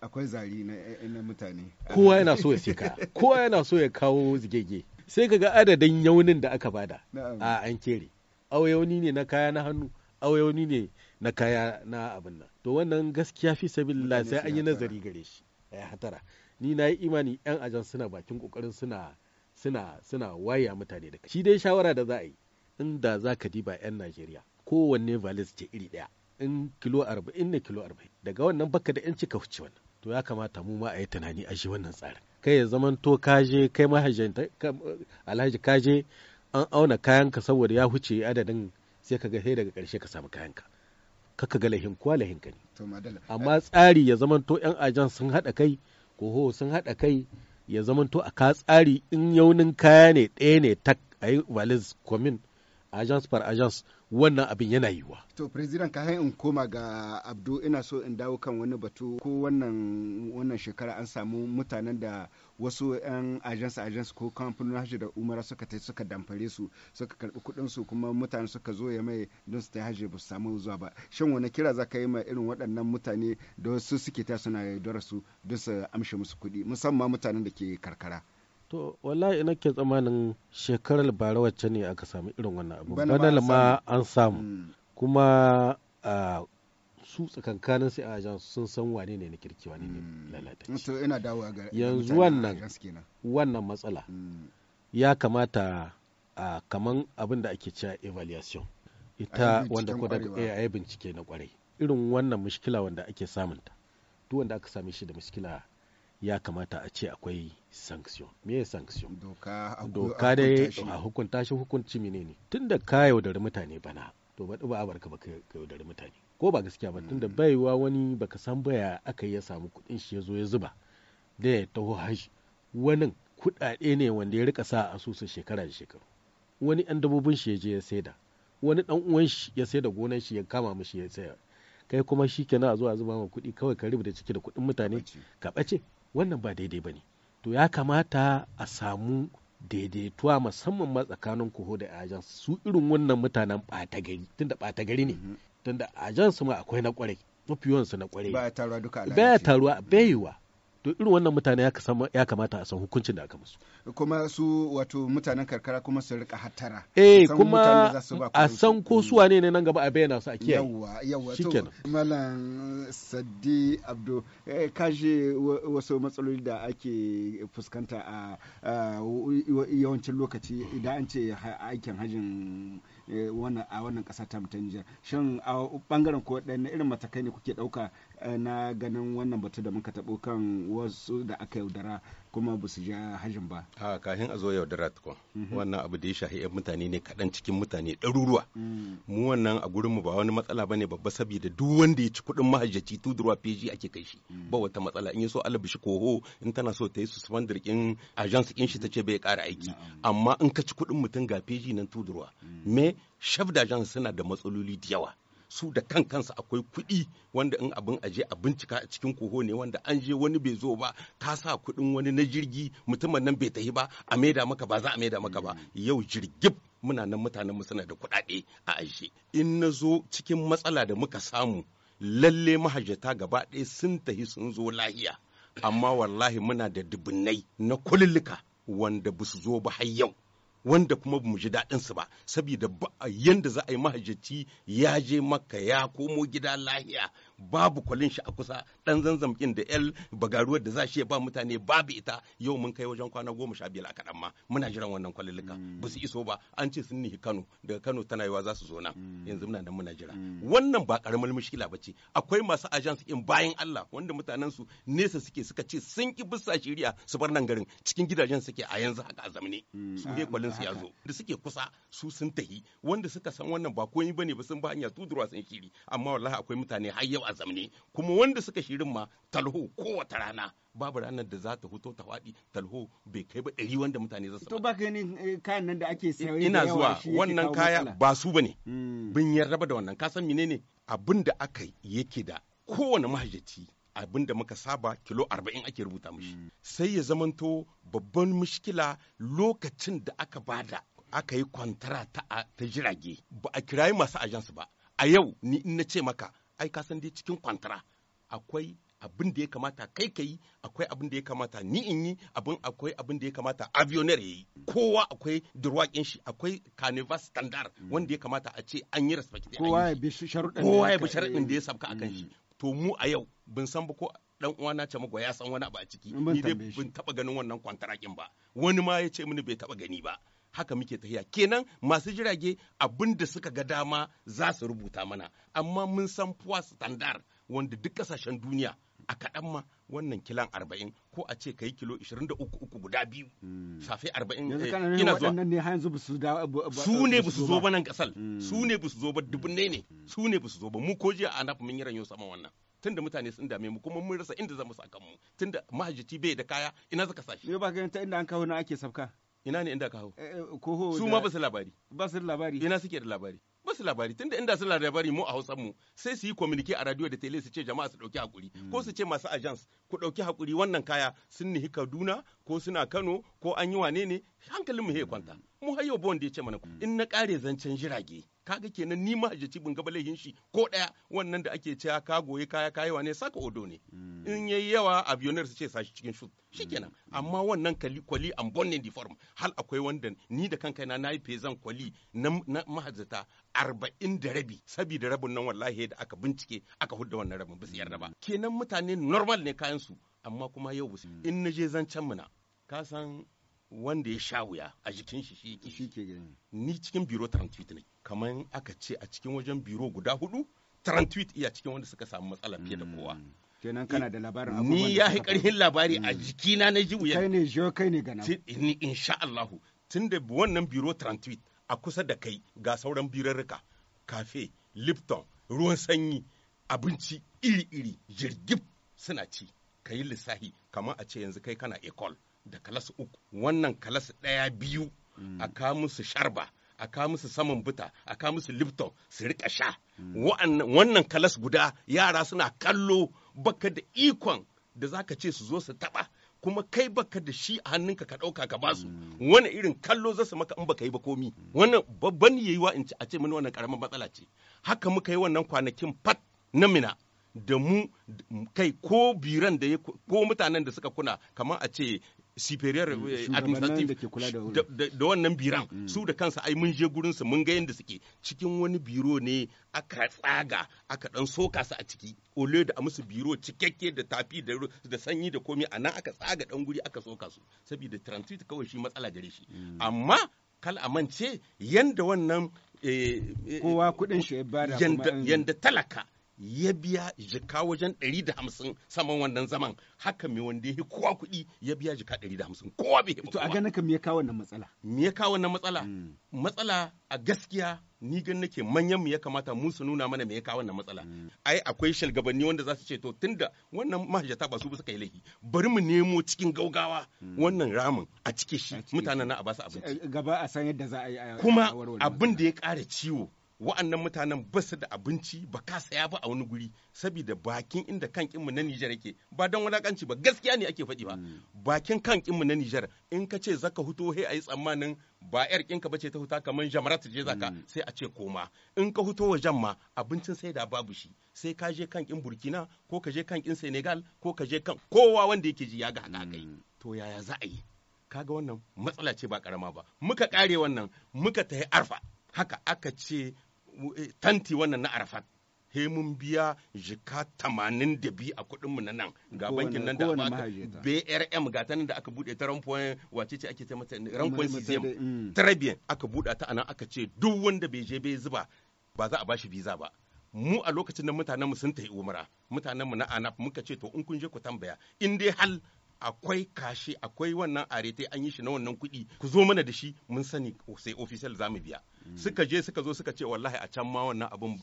Speaker 1: akwai zari na mutane
Speaker 3: kowa yana so ya sika (laughs) kowa yana so ya kawo zigege sai ka ga adadin yaunin da aka bada a an kere auyauni ne na kaya na hannu auyauni ne na kaya na abin nan to wannan gaskiya fi sabilillah sai an yi nazari gare shi ya hatara ni na yi imani yan ajan suna bakin kokarin suna suna suna waya mutane da shi dai shawara da za a yi inda za ka diba yan Najeriya kowanne valis ce iri daya. in kilo arba'in ne kilo arba'in daga wannan baka da yanci ka huce wannan to ya kamata mu ma a yi tunani a shi wannan tsarin kai ya zaman to kaje kai mahajjanta alhaji kaje an auna kayanka saboda ya huce adadin sai ka ga sai daga karshe ka samu kayanka kaka ga lahin kuwa lahin ka
Speaker 1: ne
Speaker 3: amma tsari ya zaman to yan ajan sun haɗa kai ko ho sun haɗa kai ya zaman to a ka tsari in yaunin kaya ne ɗaya ne tak a yi valiz commune agence par agence wannan abin yana yiwa.
Speaker 1: To president ka in koma ga Abdu ina so in dawo kan wani batu ko wannan wannan shekara an samu mutanen da wasu 'yan agents agents ko kamfanin hajji da umara suka tai suka damfare su suka karbi kuɗin su kuma mutane suka zo ya mai don su ta hajji ba samu zuwa ba shin wani kira za ka yi ma irin waɗannan mutane da su suke ta suna dora su don su amshe musu kuɗi musamman mutanen da ke karkara.
Speaker 3: To wallahi ina ke tsamanin shekarar bara wacce ne aka samu irin wannan abu. Bana ma an samu. Hmm. Kuma su tsakankanin sai a sun san wane ne na kirki wane ne hmm.
Speaker 1: lalatacci. yanzu wannan
Speaker 3: wannan matsala hmm. ya kamata a kaman abin da ake cewa evaluation ita wanda ko daga AI bincike na kwarai irin wannan mushkila wanda ake samunta duk wanda aka same shi da mushkila ya kamata a ce akwai sanction me ya sanction
Speaker 1: doka dai a
Speaker 3: hukunta shi hukunci tun tunda ka yaudari mutane bana to ba ba barka ba ka yaudari mutane ko ba gaskiya ba tunda mm. baiwa wani baka san baya aka yi ya samu kudin shi ya zo ya zuba da ya taho haji wani kudade ne wanda ya rika sa asusun shekara da shekaru wani ɗan dabobin shi ya je ya saida wani ɗan uwan shi ya saida gonar shi ya kama mishi ya saya kai kuma shi kenan a zuwa zuba ma kuɗi kawai ka rubuta ciki da kuɗin mutane ka bace wannan ba daidai ba ne to ya kamata a samu daidaituwa musamman ma tsakanin koho da ajan su irin wannan mutanen ɓata gari tunda ɓata gari ne mm-hmm. tunda ajan su ma akwai na kwarai mafi yawansu na kwarai ya taruwa duka ba ya taruwa baiwa to irin wannan mutane ya kamata a san hukuncin da aka musu
Speaker 1: kuma su wato mutanen karkara kuma su rika hattara eh kuma
Speaker 3: a san ko su wane ne nan gaba a bayyana su a kiyaye yawa yawa to
Speaker 1: malam saddi abdu eh, kaje wasu matsaloli da ake fuskanta a yawancin lokaci idan an ce aikin hajin Eh, a wannan kasa ta ta Nijar shin a bangaren ko na irin matakai ne kuke ɗauka eh, na ganin wannan batu da muka taɓo kan wasu da aka yaudara kuma ba su ja hajin ba
Speaker 4: a kafin a zo yaudara tukun mhm. wannan abu da ya shahi yan mutane ne kaɗan cikin mutane ɗaruruwa mm. mu wannan a gurin mu ba wani matsala bane babba saboda duk wanda ya ci kuɗin mahajjaci tudurwa feji ake kai shi mm. ba wata matsala in ya so alabishi koho in tana so ta yi su kin agence kin shi ta ce bai ƙara aiki amma in ka ci kuɗin mutum ga feji nan tuduruwa mm. me shaf da suna da matsaloli da yawa su da kan kansa akwai kuɗi wanda in abin aje a bincika a cikin koho ne wanda an je wani bai zo ba ka sa kuɗin wani na jirgi mutumin nan bai tahi ba a maida maka ba za a maida maka ba mm. yau jirgib muna nan mutanen mu suna da kuɗaɗe a aje in na zo cikin matsala da muka samu lalle mahajjata gaba ɗaya sun tahi sun zo lahiya amma wallahi muna da dubunnai na kululluka wanda ba su zo ba har yau wanda kuma bamu ji daɗin su ba saboda yanda za a yi mahajjaci ya je maka ya komo gida lahiya babu kwalin shi a kusa dan zanzamkin da el bagaruwar da za shi ya ba mutane babu ita yau mun kai wajen kwana goma sha biyar a kaɗan ma muna jiran wannan kwalilluka mm. ba su iso ba an ce sun nihi kano daga kano tana yiwa za su zo nan mm. yanzu muna nan muna jira mm. wannan ba karamar mushkila ba ce akwai masu ajans in bayan Allah wanda mutanen su nesa suke suka ce sun ki bisa shiriya su bar nan garin cikin gidajen suke a yanzu haka a zamane su dai ah, kwalin su ya zo da suke kusa su sun tahi wanda suka san wannan ba komai bane ba sun ba hanya tudurwa sun shiri amma wallahi akwai mutane har yau a zamne kuma wanda suka shirin ma talho kowace rana babu ranar da za ta huto ta faɗi talho bai kai ba ɗari wanda mutane za su
Speaker 1: to ba ganin eh, kayan nan da ake sayo ina zuwa wannan kaya
Speaker 4: ba su bane hmm. bin yarraba da wannan ka san menene abin da aka yake da kowane mahajjaci abin da muka saba kilo arba'in ake rubuta mishi hmm. sai ya zamanto babban mushkila lokacin da aka bada aka yi kwantara ta jirage ba a kirayi masu ajansu ba a yau ni in na ce maka ai ka san dai cikin kwantara akwai abin da ya kamata kai ka yi akwai abin da ya kamata ni in yi abin akwai abin da ya kamata avioner ya yi kowa akwai durwakin shi akwai carnival standard mm. wanda ya kamata a ce an yi respect kowa ya bi
Speaker 1: sharuɗin kowa ya bi sharuɗin da ya
Speaker 4: sabka akan shi mm. to mu a yau bin san ba ko dan uwana ce mago ya san wani abu a ciki ni dai bin taba ganin wannan kwantarakin ba wani ma ya ce mini bai taba gani ba haka muke tahiya kenan masu jirage abin da suka ga dama za su rubuta mana amma mun san puwa standard wanda duk kasashen duniya a kaɗan ma wannan kilan arba'in ko a ce kai kilo ishirin da uku uku guda biyu hmm. shafe arba'in eh, ina zuwa ne
Speaker 1: yanzu su ne ba su zo ba nan kasal
Speaker 4: hmm. su ne ba su zo ba dubunne ne hmm. su ne ba su zo ba mu ko jiya a nafi mun yi ranyo sama wannan tunda mutane sun dame mu kuma mun rasa inda za mu saka mu tunda mahajjaci bai da kaya ina zaka sashi ne ba ga ta inda an kawo na ake sabka ina ne inda ka hau eh, eh, su ma ba su labari ba su labari ina suke da labari ba su labari tunda inda su labari mu a hausan mu sai su yi communique a radio da tele su ce jama'a su ɗauki hakuri ko su ce masu agents ku ɗauki hakuri wannan kaya sun nihi Kaduna ko suna Kano ko an yi wane ne hankalin mu ya kwanta mu hayo bon da ya ce mana in na kare zancen jirage kaga kenan ni mahajjaci bin gaba laihin shi ko daya wannan da ake cewa ka goyi kaya kayi wane saka odo ne mm. in yayi yawa avioner su ce sashi cikin shut shikenan mm. amma wannan kali kwali an bonne di form hal akwai wanda ni da kanka na nayi fezan kwali na mahajjata arba'in da rabi saboda rabin nan wallahi da aka bincike aka hudda wannan rabin bisa yarda ba mm. kenan mutane normal ne kayan su amma kuma yau in na je zancen muna ka san wanda ya sha wuya a jikin shi shi ke ni cikin biro 38 ne kamar aka ce a cikin wajen biro guda hudu 38 iya cikin wanda suka samu matsala fiye da kowa mm. kenan kana da labarin abubuwan ni ya yi karhin labari a mm. jikina na ji wuya kai ne jo kai ne gana ni insha Allah tun da wannan biro 38 a kusa da kai ga sauran birarruka kafe lipton ruwan sanyi abinci iri-iri jirgin suna ci ka yi lissahi kamar a ce yanzu kai kana ecole da kalas uku wannan kalas ɗaya biyu a mm. ka musu sharba a ka musu saman buta a ka musu lipton su rika sha mm. wannan kalas guda yara suna kallo baka da ikon da zaka ce su zo su taba kuma kai baka da shi a hannunka ka ɗauka ka basu mm. wani irin kallo zasu maka in baka yi ba komi wannan babban yayiwa in ce a ce mini wannan karamin matsala ce haka muka yi wannan kwanakin fat na mina da mu kai ko biran da ko mutanen da suka kuna kamar a ce superior mm, eh, administrative da wannan biran mm. su da kansa ai mun je gurin su mun ga yadda suke cikin wani biro ne aka tsaga aka dan soka su a ciki ole da a musu biro cikakke da tafi da sanyi da komai a nan aka tsaga dan guri aka soka su saboda transit kawai shi matsala gare shi mm. amma kal amance yanda wannan eh, eh, kowa kudin shi ya bada yanda talaka ya biya jika wajen 150 saman wannan zaman haka mai wanda ya kowa kuɗi ya biya jika 150 kowa bai to a gane ka me kawo wannan matsala me ya kawo wannan matsala hmm. matsala a gaskiya ni gan nake manyan mu ya kamata mu su nuna mana me ya kawo wannan matsala hmm. ai akwai shalgabanni wanda za su ce to tunda wannan mahajjata ba su suka yi laifi bari mu nemo cikin gaugawa hmm. wannan ramin a cike shi mutanen na a ba su abinci eh, gaba a san yadda za a yi kuma abin da ya ƙara ciwo wa'annan mutanen ba su da abinci ba ka saya ba a wani guri saboda bakin inda kan kinmu na Nijar yake ba don wulakanci ba gaskiya ne ake faɗi ba hmm. bakin kan kinmu na Nijar in ka ce zaka huto he ayi tsammanin ba yar kinka bace ta huta kamar jamarat je zaka hmm. sai a ce koma in ka huto wajen ma abincin sai da babu shi sai ka je kan kin Burkina ko ka je kan kin Senegal ko ka je kan kowa wanda yake ji ya ga haka kai hmm. to yaya za a yi kaga wannan matsala ce ba karama ba muka kare wannan muka tahi arfa haka aka ce Eh, tanti wannan na arafat he mun biya jika tamanin da biyu a kuɗinmu na nan ga bankin nan da aka brm ga ta nan da aka buɗe ta rampoin wace ce ake taimata rampoin cesium tarabiyan aka buɗa ta anan aka ce duk wanda bai je bai zuba ba za a bashi biza ba mu a lokacin da mutanenmu sun ta yi umara mutanenmu na anaf muka ce to in kun je ku tambaya in dai hal akwai kashi akwai wannan arete an yi shi na wannan kuɗi ku zo mana da shi mun sani sai official za mu biya mm. suka je suka zo suka ce wallahi a can ma wannan abun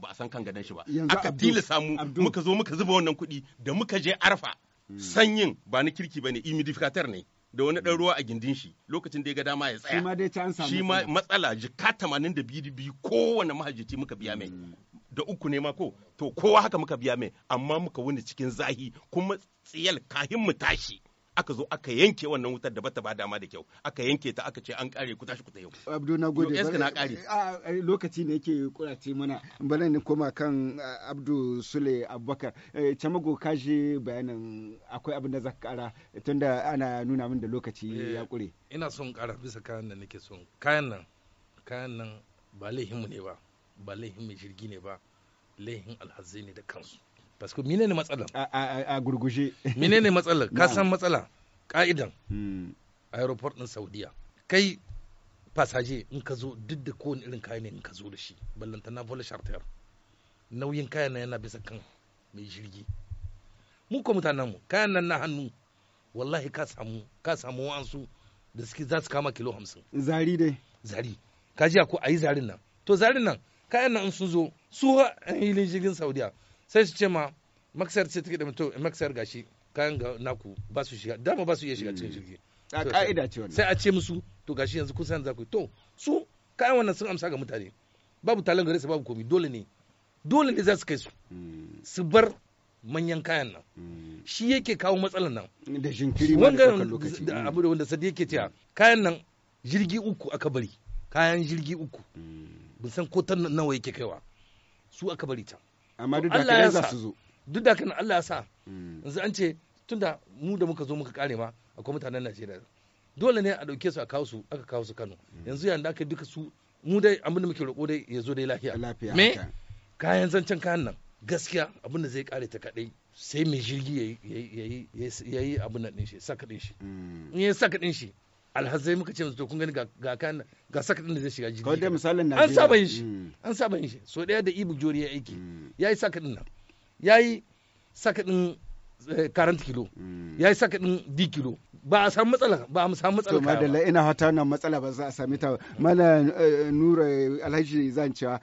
Speaker 4: ba a san kan gadon shi ba aka tilasa mu muka zo muka zuba wannan kuɗi da muka je arfa mm. sanyin ba na kirki ba ne humidificator ne da wani ɗan mm. ruwa a gindin shi lokacin da ya ga dama ya tsaya shi ma matsala jika 82 kowane mahajjaci muka biya mai da uku ne ma ko to kowa haka muka biya mai amma muka wuni cikin zahi kuma tsiyal kahin mu tashi aka zo aka yanke wannan wutar da bata ba dama da kyau aka yanke ta aka ce an kare ku tashi ku ta yau
Speaker 1: abdu na gode na kare lokaci ne yake kurace mana bana ne koma kan abdu sule abubakar eh, chamago kaji bayanin akwai abin da za ka kara tunda ana nuna min da lokaci ya kure
Speaker 5: eh, ina son kara bisa kayan da nake son kayan nan kayan nan ba laihinmu ne ba ba laihin mai jirgi ne ba laihin alhazi ne da kansu basko mine ne matsala a gurguje. mine ne matsala ka san matsala ka'idan hmm. aeroport din saudiya kai fasaje in ka zo duk da kowane irin kayan ne in ka zo da shi na vola charter nauyin kayan yana bisa kan mai jirgi mu ko mutanen mu kayan nan na hannu wallahi ka samu ka samu wa'ansu da suke za su kama kilo hamsin zari dai zari ka ji ko a yi zarin nan to zarin nan kayan nan sun zo su an hilin jirgin saudiya sai su ce ma maksar ce take da mutum maksar gashi kayan ga naku ba su shiga dama ba su iya shiga cikin jirgi a ka'ida ce wannan sai a ce musu to gashi yanzu kun san zaku to su kayan wannan sun amsa ga mutane babu talan gare su babu komi dole ne dole ne za su kai su hmm. su bar manyan kayan nan hmm. shi yake kawo matsalan nan
Speaker 1: da jinkiri ma da
Speaker 5: lokaci abu da wanda sadi yake cewa kayan nan jirgi uku aka bari kayan jirgi uku hmm. bin san ko tan nawa yake kaiwa su aka bari can amma duk da za su zo duk da kan Allah ya sa hmm. yanzu an ce tunda mu da muka zo muka kare ma akwai mutanen Najeriya dole ne a dauke su a kawo su aka kawo su Kano hmm. yanzu yanda aka duka su mu dai abin da muke roƙo dai ya zo dai lafiya lafiya me kayan zancen kayan nan gaskiya abin da zai kare ta kadai sai mai jirgi ya yi abin nan din shi saka din shi hmm. in ya saka din shi alhazai muka ce to kun gani ga kan ga saka din da zai shiga jirgi kawai dai misalin na an saba yin shi mm. an saba yin shi so daya da ibu jori ya aiki mm. yayi saka din nan yayi saka din 40 eh, kilo hmm. ya yi saka din 10 kilo ba a samu matsala ba a samu matsala ba madalla
Speaker 1: ina hata wannan matsala ba za a sami ta mana eh, nura alhaji zan cewa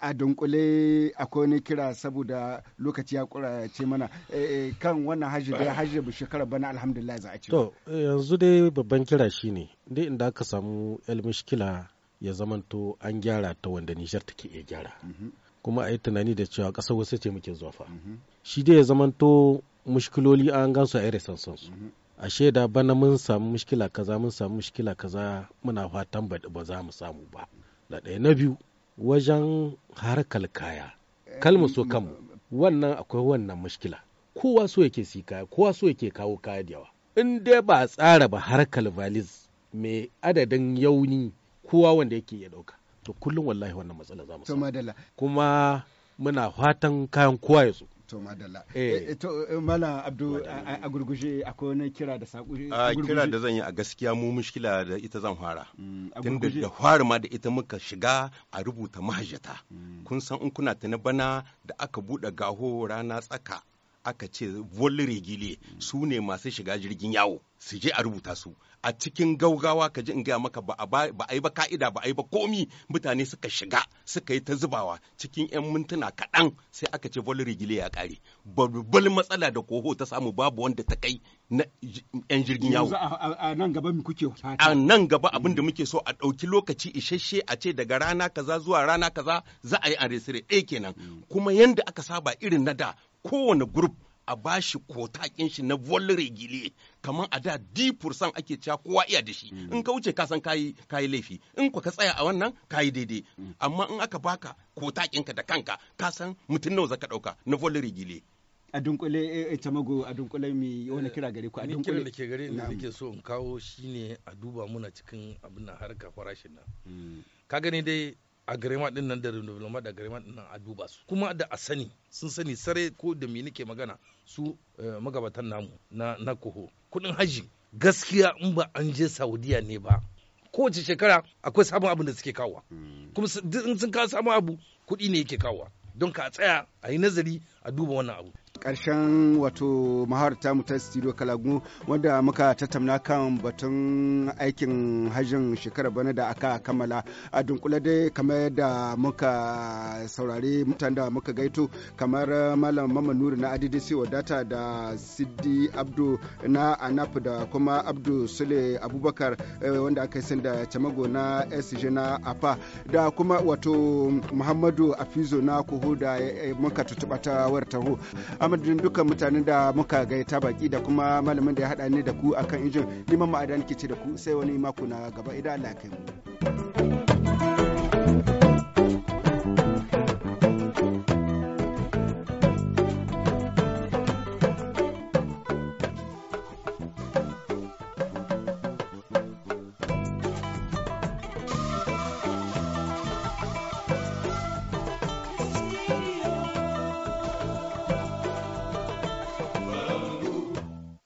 Speaker 1: a dunkule akwai wani kira saboda lokaci ya ce mana eh, kan wannan haji da haji bu shekara bana alhamdulillah za a ce to
Speaker 3: yanzu dai babban kira shine dai inda aka samu Mishkila ya zamanto an gyara ta wanda Nijar take iya gyara mhm. kuma a yi tunani da cewa ƙasar wasu ce muke zuwa fa mhm. shi dai ya zamanto mushkiloli an gan su a irin sansan su mhm. a shaida bana mun samu mushkila kaza mun samu mushkila kaza muna fatan ba za mu samu ba da ɗaya na biyu wajen harkar kaya kalmu so kanmu wannan akwai wannan mushkila kowa so yake si kaya kowa so yake kawo kaya da yawa in dai ba a tsara ba harkar valis mai adadin yauni kowa wanda yake ya ɗauka to kullum wallahi wannan matsala za mu samu kuma muna fatan kayan kowa ya zo
Speaker 1: to madalla eh, eh to eh, mala abdu a gurguje akwai wani kira da saƙo a kira da
Speaker 4: zan yi a gaskiya mu mushkila da ita zan fara mm, tun da fara ma da ita muka shiga a rubuta mahajjata mm. kun san in kuna na bana da aka buɗe gaho rana tsaka aka ce vol regile mm. su ne masu shiga jirgin yawo su je a rubuta su a cikin gaugawa ka ji in gaya maka ba a yi ba ka'ida ba a yi ba komi mutane suka shiga suka yi ta zubawa cikin 'yan mintuna kaɗan sai aka ce volare gile ya ƙare babbal matsala da koho ta samu babu wanda ta kai na 'yan jirgin yawo
Speaker 1: a nan gaba kuke
Speaker 4: a nan gaba abin da muke so a ɗauki lokaci isasshe a ce daga rana kaza zuwa rana kaza za a yi a resire ɗaya kenan mm. kuma yanda aka saba irin na da kowane grup a shi kotakin shi na vol regile kamar a da di ake cewa kowa iya da shi mm. in ka wuce san kayi kayi laifi in ka tsaya a wannan kayi daidai mm. amma in aka baka kotakin ka da kanka ka san mutum nawa zaka dauka na vol regile a dunkule
Speaker 1: e tamago a dunkule mi wani kira gare ku a dunkule ne ke gare ni nake
Speaker 5: so in kawo shine a duba muna cikin abin harka farashin nan mm. ka gani dai agreement din nan da renouvelment da agreement din nan a duba su kuma da a sani sun sani sare ko da me nake magana su eh, magabatan namu na na koho kudin haji gaskiya in ba an je saudiya ne ba kowace shekara akwai sabon abin da suke kawo hmm. kuma sun kawo sabon abu kudi ne yake kawo don ka tsaya a yi nazari a duba wannan abu karshen
Speaker 1: wato maharta mu ta studio kalagu wanda muka tattauna kan batun aikin hajjin shekarar bana da aka kammala a dunkule dai kamar yadda muka saurari mutanen da muka gaito kamar malam mamman nuri na adidisi wadata da siddi abdu na anap da kuma abdu sule abubakar eh, wanda aka yi da chamago na sg na apa da kuma wato muhammadu afizo na kuhu da eh, muka tutubata taho amadin dukkan mutanen da muka ta baki da kuma malamin da ya haɗa ni da ku akan injin liman ma'adani ke ce da ku sai wani mako na gaba idan Allah ya kai mu.